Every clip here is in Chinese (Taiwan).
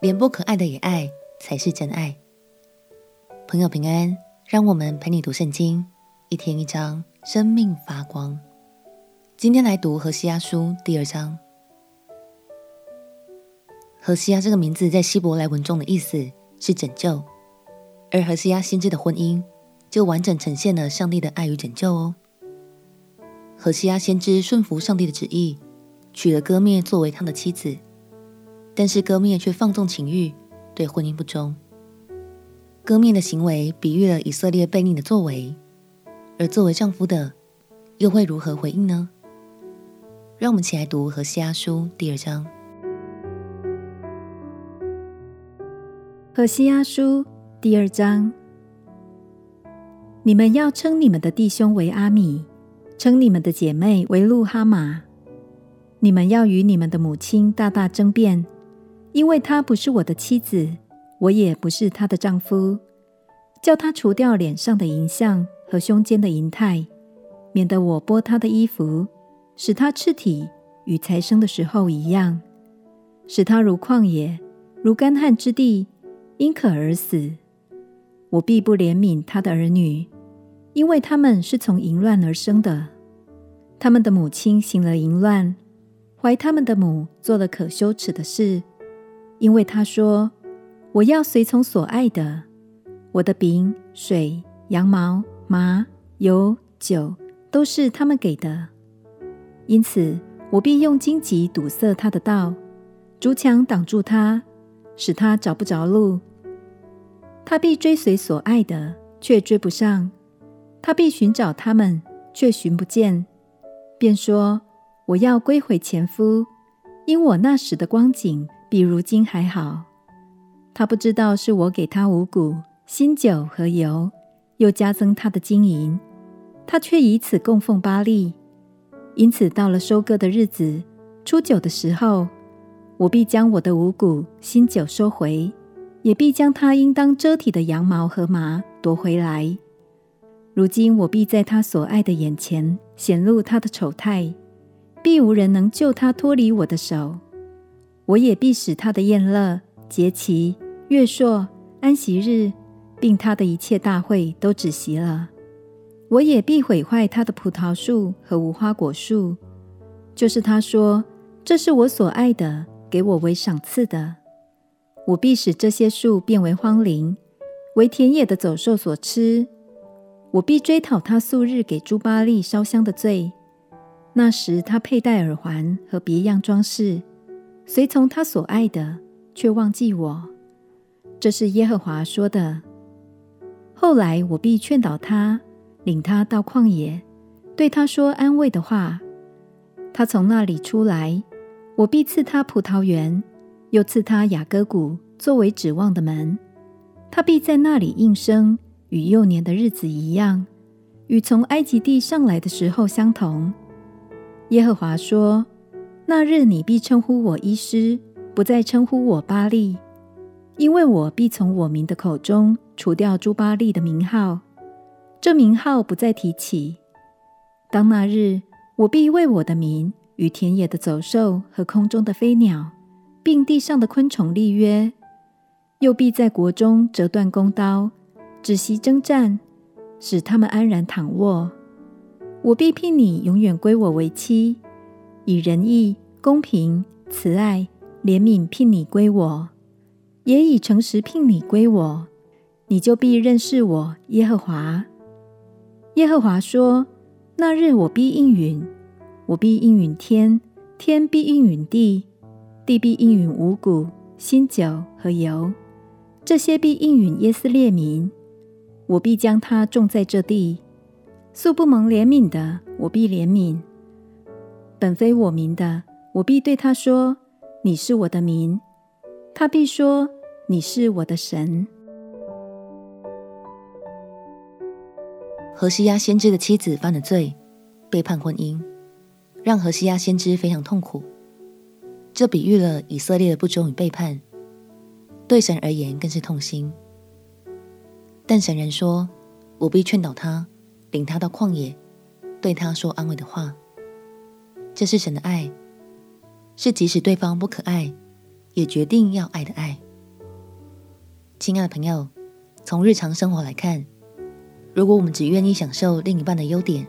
連不可愛的也愛，才是真愛。朋友平安，讓我們陪你讀聖經，一天一章，生命發光。今天來讀何西阿書第二章。何西阿這個名字在希伯來文中的意思是拯救，而何西阿先知的婚姻就完整呈現了上帝的愛與拯救哦。何西阿先知順服上帝的旨意，娶了歌篾作為他的妻子。但是歌篾卻放縱情欲，對婚姻不忠。歌篾的行為比喻了以色列悖逆的作為，而作為丈夫的，又會如何回應呢？讓我們起來讀何西阿書第二章。何西阿書第二章：你們要稱你們的弟兄為阿米，稱你們的姐妹為路哈馬。你們要與你們的母親大大爭辯。因為她不是我的妻子，我也不是她的丈夫。叫她除掉臉上的淫像和胸間的淫態，免得我剝她的衣服，使她赤體與才生的時候一樣，使她如曠野、如乾旱之地，因渴而死。我必不憐憫她的兒女，因為他們是從淫亂而生的。他們的母親行了淫亂，懷他們的母做了可羞恥的事。因為他說：“我要隨從所愛的，我的餅、水、羊毛、麻、油、酒，都是他們給的。因此，我必用荊棘堵塞他的道，竹牆擋住他，使他找不着路。他必追隨所愛的，卻追不上；他必尋找他們，卻尋不見。便說：我要歸回前夫，因我那時的光景。”比如今還好，他不知道是我給他五穀、新酒和油，又加增他的金銀，他卻以此供奉巴力。因此，到了收割的日子，出酒的時候，我必將我的五穀、新酒收回，也必將他應當遮體的羊毛和麻奪回來。如今，我必在他所愛的眼前顯露他的醜態，必無人能救他脫離我的手。我也必使他的宴樂、節期、月朔、安息日，並他的一切大會都止息了。我也必毀壞他的葡萄樹和無花果樹，就是他說這是我所愛的，給我為賞賜的。我必使這些樹變為荒林，為田野的走獸所吃。我必追討他素日給諸巴力燒香的罪。那時他佩戴耳環和別樣裝飾。隨從他所愛的，卻忘記我。這是耶和華說的。後來我必勸導他，領他到曠野，對他說安慰的話。他從那裡出來，我必賜他葡萄園，又賜他亞割谷作為指望的門。他必在那裡應聲，與幼年的日子一樣，與從埃及地上來的時候相同。耶和華說。那日，你必稱呼我醫師，不再稱呼我巴力，因為我必從我民的口中除掉諸巴力的名號，這名號不再提起。當那日，我必為我的民與田野的走獸和空中的飛鳥，並地上的昆蟲立約，又必在國中折斷弓刀，止息爭戰，使他們安然躺臥。我必聘你永遠歸我為妻。以仁義、公平、慈愛、憐憫聘你歸我，也以誠實聘你歸我，你就必認識我耶和華。耶和華說：“那日我必應允，我必應允天，天必應允地，地必應允五穀、新酒和油，這些必應允耶斯列民，我必將它種在這地。素不蒙憐憫的，我必憐憫。”本非我民的，我必對他說：“你是我的民。”他必說：“你是我的神。”何西阿先知的妻子犯了罪，背叛婚姻，讓何西阿先知非常痛苦。這比喻了以色列的不忠與背叛，對神而言更是痛心。但神仍說：“我必勸導他，領他到曠野，對他說安慰的話。”這是神的愛，是即使對方不可愛，也決定要愛的愛。親愛的朋友，從日常生活來看，如果我們只願意享受另一半的優點，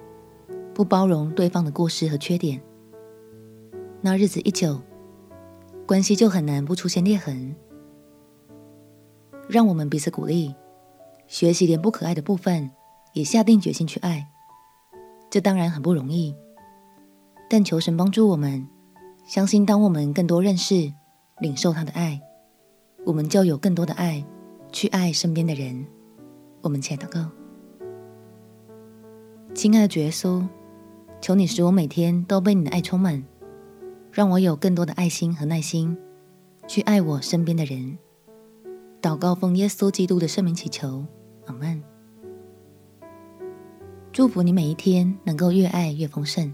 不包容對方的過失和缺點，那日子一久，關係就很難不出現裂痕。讓我們彼此鼓勵，學習連不可愛的部分，也下定決心去愛。這當然很不容易。但求神幫助我們，相信當我們更多認識、領受他的愛，我們就有更多的愛去愛身邊的人，我們起來禱告。親愛的主耶穌，求你使我每天都被你的愛充滿，讓我有更多的愛心和耐心去愛我身邊的人。禱告奉耶穌基督的聖名祈求，阿門。祝福你每一天能夠越愛越豐盛。